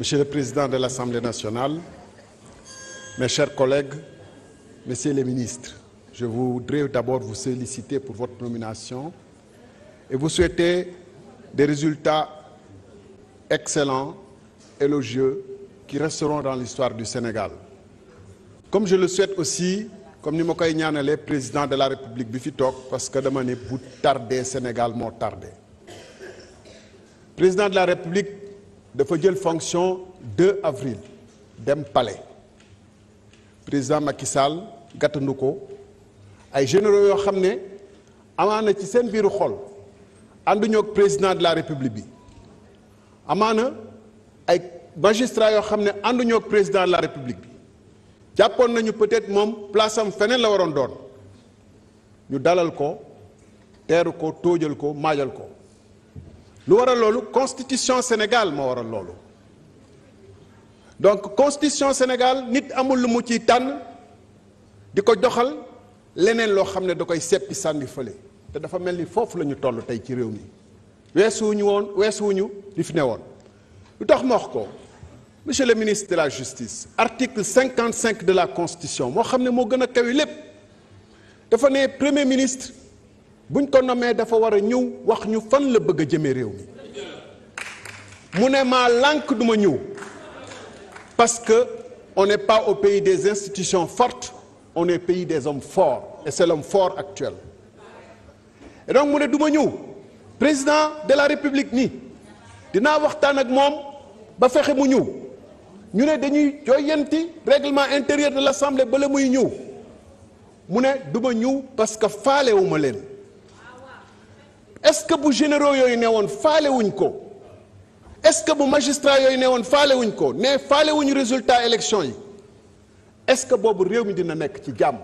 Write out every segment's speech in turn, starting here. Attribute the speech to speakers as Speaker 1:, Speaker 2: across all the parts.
Speaker 1: Monsieur le Président de l'Assemblée nationale, mes chers collègues, messieurs les ministres, je voudrais d'abord vous féliciter pour votre nomination et vous souhaiter des résultats excellents, élogieux, qui resteront dans l'histoire du Sénégal. Comme je le souhaite aussi, comme ni ma koy ñaanalee président de la République bi fi toog parce que dama ne bu tardé Sénégal moo tardé président de la République dafa jël fonction 2 avril dem pale président Macky Sall ko ay généraux yoo xam ne amaana ci seen biiru xol ànduñoo ak président de la république bi amaana ay magistrats yoo xam ne ànduñoo ak président de la république bi jàppoon nañu peut-être moom place am feneen la waroon doon ñu dalal ko teeru ko toojal ko maajal ko. lu a loolu constitution Sénégal moo a loolu donc constitution Sénégal nit amul lu mu ci tànn di ko joxal leneen loo xam ne da koy seppi sànni fële te dafa mel ni foofu la ñu toll tey ci réew mi weesuwuñu woon weesuwuñu li fi ne woon lu tax ma wax ko monsieur le ministre de la justice article cinquante cinq de la constitution moo xam ne moo gën a kawi lépp dafa ne premier ministre buñ ko nommee dafa war a ñëw wax ñu fan la bëgg a jëmee réew mi mu ne maa lànk duma ñëw parce que on n'est pas au pays des institutions fortes on est pays des hommes forts et c'est l'homme fort actuelle et donc mu ne duma ñëw président de la république nii dinaa waxtaan ak moom ba fexe mu ñëw ñu ne dañuy jooyanti règlement intérieur de l'assemblée bala muy ñëw mu ne duma ñëw parce que faalewuma leen est-ce que bu généraux yooyu nee woon faale wuñ ko est-ce que bu magistrat yooyu nee woon faale wuñ ko nee faalewuñu résultat élection yi est-ce que boobu réew mi dina nekk ci jàmm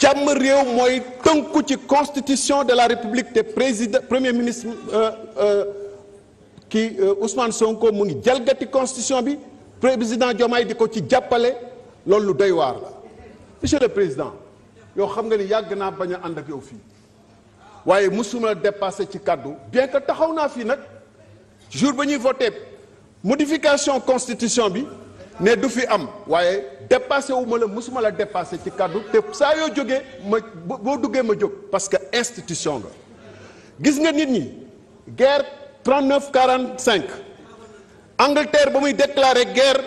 Speaker 1: jàmm réew mooy tënku ci constitution de la république te président premier ministre euh, euh, ki euh, Ousmane Sonko mu ngi jalgati constitution bi président Diomaye di ko ci jàppale loolu lu doy waar la monsieur le président yow xam nga ni yàgg naa bañ a ànd ak yow fii waaye mosuma dépassé ci kàddu bien que taxaw naa fii nag jour ba ñuy voté modification constitution bi ne du fi am waaye dépassé wu ma la mosuma la dépassé ci kàddu te saa yoo jógee ma boo duggee ma jóg parce que institution nga gis nga nit ñi guerre 39 45 Angleterre ba muy déclarer guerre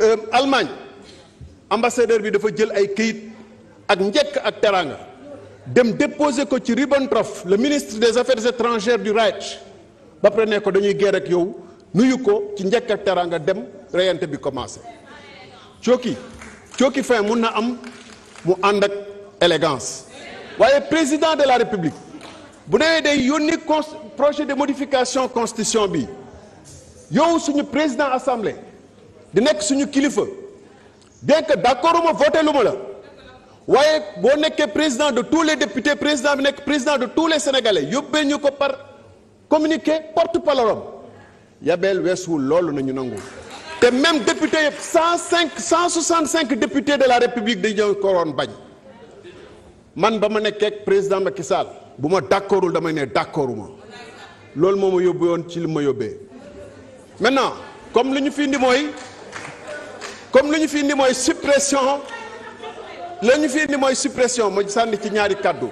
Speaker 1: euh, Allemagne ambassadeur bi dafa jël ay këyit ak njëkk ak teraanga dem déposer ko ci Ribbentrop le ministre des affaires étrangères du Reich ba pare ne ko dañuy guerre ak yow nuyu ko ci njëkk ak teraanga dem reyante bi commencé cooki cooki fin mun na am mu ànd ak élégance waaye président de la république bu newee day yónni projet de modification constitution bi yow suñu président assemblée di nekk suñu kilifa bien que d'accord uma voté lu ma la waaye boo nekkee président de tous les députés président bi nekk président de tous les sénégalais yóbbee ñu ko par communiqué porte-parole am yabeel weesuwul loolu nañu nangu te même député yëpp cent cinq cent soixante cinq députés de la république dañoo ko roon bañ man ba ma nekkee président Macky bu ma d'accordul damay ne d'accorduma loolu moo ma yóbbu woon ci li ma yóbbee maintenant comme lu ñu fi indi mooy comme lu ñu fi indi mooy suppression la ñu fi indi mooy suppression ma sànni ci ñaari kàddu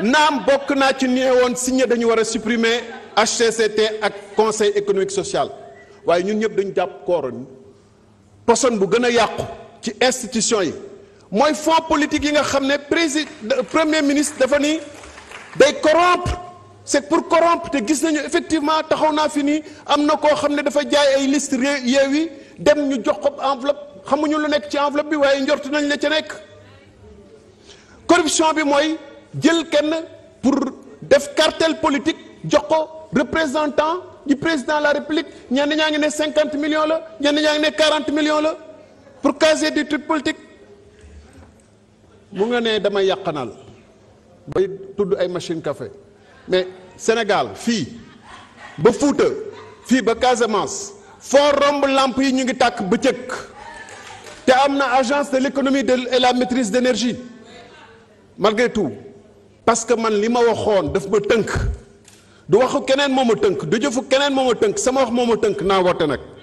Speaker 1: naam bokk naa ci ni woon signé dañu war a supprimer HCCT ak conseil économique social waaye ñun ñëpp dañu jàpp kooroon poson bu gën a yàqu ci institution yi mooy fonds politique yi nga xam ne président premier ministre dafa ni day corrompre c'est pour corrompre te gis nañu effectivement taxaw naa fi nii am na koo xam ne dafa jaay ay liste réew yi dem ñu jox ko enveloppe xamuñu lu nekk ci enveloppe bi waaye njort nañ la ca nekk. corruption bi mooy jël kenn pour def cartel politique jox ko représentant du président la république ñenn ñaa ngi ne cinquante millions la ñenn ñaa ngi ne quarante millions la pour caser du tout politique mu nga ne damay yàq yàqanal bay tudd ay machine café mais Sénégal fii ba Fuuta fii ba Casamance foo romb làmp yi ñu ngi tàkk bëccëg te am na agence de l'économie de et la maîtrise d'énergie malgré tout parce que man li ma waxoon daf ma tënk du waxu keneen moom a tënk du jëfu keneen moom a tënk sama wax moom ma tënk naa woote nag